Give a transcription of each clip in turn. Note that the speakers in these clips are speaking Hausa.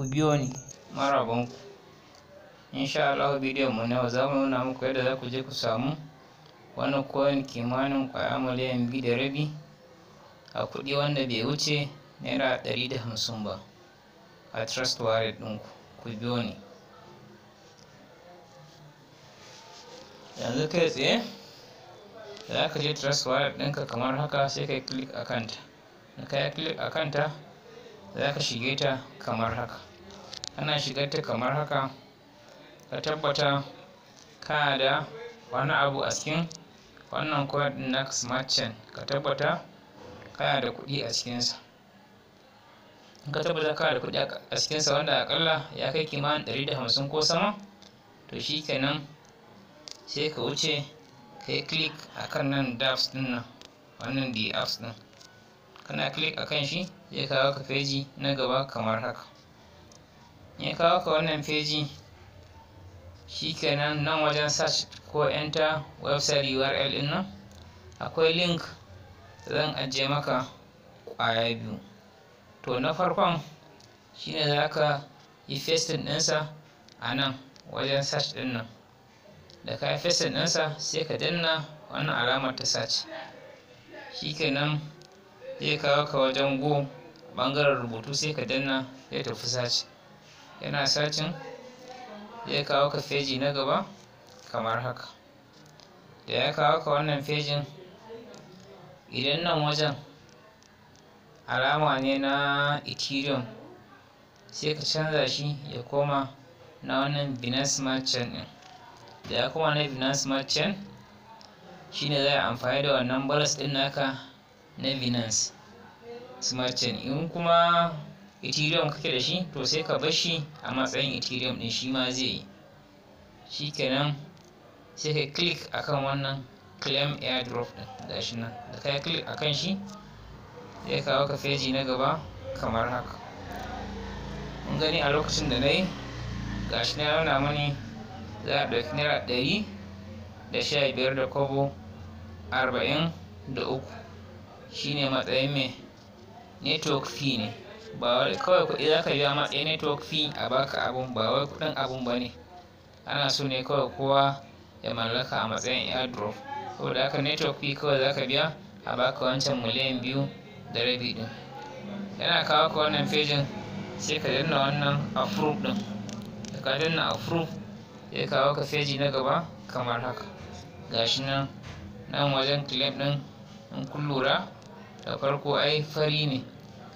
ku biyo ni insha Allah bidiyon mu nawa za mu nuna muku yadda za ku je ku samu wani koyon kimanin kwaya miliyan biyu da rabi a kuɗi wanda bai wuce naira ɗari da hamsin ba a trust wallet din ku biyo ni yanzu kai tsaye za ka je trust wallet ɗinka kamar haka sai ka yi click a kanta da ka yi click a za ka shige ta kamar haka Ana shigar ta kamar haka ka tabbata ka da wani abu a cikin wannan code na smart chain ka tabbata ka da kuɗi a cikinsa in ka tabbata ka da kuɗi a cikinsa wanda akalla ya kai kimanin ɗari da hamsin ko sama to shi kenan sai ka wuce ka yi click a kan nan dApps ɗin nan wannan the apps ɗin kana click a kan shi zai kawo ka feji na gaba kamar haka ya kawo ka wannan feji kenan nan wajen search ko enter website url din nan akwai link zan ajiye maka kwaya biyu to na farkon shine za ka yi pasting ɗinsa a nan wajen search ɗin nan da ka yi ɗinsa sai ka danna wannan alamar ta search kenan zai kawo ka wajen go ɓangaren rubutu sai ka danna zai tafi search yana sacin zai kawo ka feji na gaba kamar haka da ya kawo ka wannan fejin idan nan wajen alama ne na ethereum sai ka canza shi ya koma na wannan binance smart chain din da ya koma na binance smart chain shine za a amfani da wannan balas din naka na binance smart chain in kuma ethereum kake da shi to sai ka bar shi a matsayin ethereum din shi ma zai yi kenan sai ka click akan wannan claim airdrop din shi nan da ka click akan shi zai kawo ka feji na gaba kamar haka mun gani a lokacin da na yi gashi na nuna mani za a ɗauki naira ɗari da sha biyar da kobo arba'in da uku shine matsayin mai network fee ne ba wai kawai kuɗi za ka biya ma ɗaya network fee a baka abun ba wai kuɗin abun ba ne ana so ne kawai kowa ya mallaka a matsayin airdrop saboda haka network fee kawai za ka biya a baka wancan miliyan biyu da rabi ɗin yana kawo ka wannan fejin sai ka danna wannan approve ɗin da ka danna approve zai kawo ka feji na gaba kamar haka gashi nan nan wajen claim ɗin in kun lura da farko ai fari ne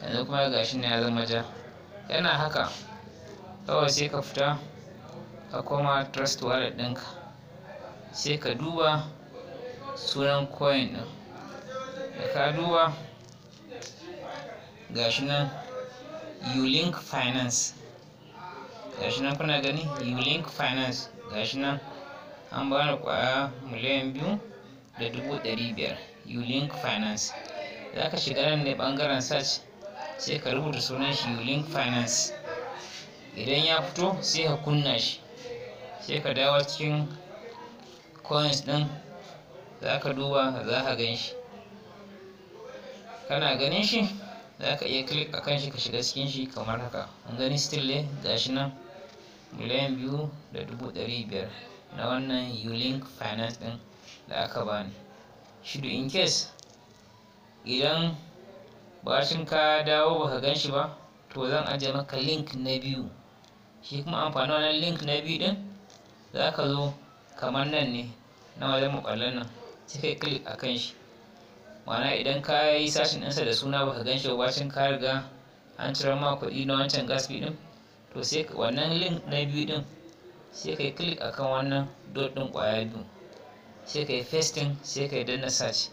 yanzu kuma ga shi ne ya zama ja yana haka kawai sai ka fita ka koma trust wallet ɗinka sai ka duba sunan coin ɗin da ka duba ga shi nan ulink finance ga shi nan kuna gani ulink finance ga shi nan an ba da kwaya miliyan biyu da dubu ɗari biyar ulink finance za ka shiga nan ne ɓangaren search sai ka rubuta sunan shi link finance idan ya fito sai ka kunna shi sai ka dawo cikin coins din za ka duba za ka gan shi kana ganin shi za ka iya click a kan shi ka shiga cikin shi kamar haka an gani still ne ga shi nan miliyan biyu da dubu ɗari biyar na wannan ulink finance din da aka bani shi in case idan bashin ka dawo baka gan shi ba to zan ajiye maka link na biyu shi kuma amfani wannan link na biyu din za ka zo kamar nan ne na wajen mukallan nan sai kai click a kan shi ma'ana idan ka yi sashin ɗinsa da suna baka gan shi ba bacin ka riga an cire ma kuɗi na wancan gas fee din to sai wannan link na biyu din sai kai click akan wannan dot din ƙwaya biyu sai kai pasting sai kai danna search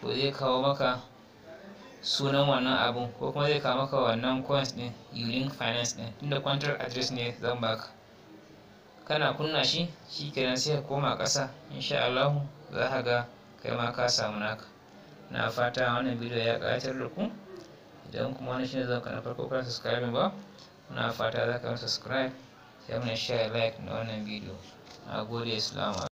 to zai kawo maka sunan wannan abun ko kuma zai kawo maka wannan coins din ulink finance din tunda contract address ne zan baka kana kunna shi shi kenan sai ka koma ƙasa insha Allah za ka ga kai ma ka samu naka na fata wannan bidiyo ya ƙayatar da ku idan kuma wani shi ne zan kana farko kana subscribe ba na fata za ka subscribe sai mun share like na wannan bidiyo na gode assalamu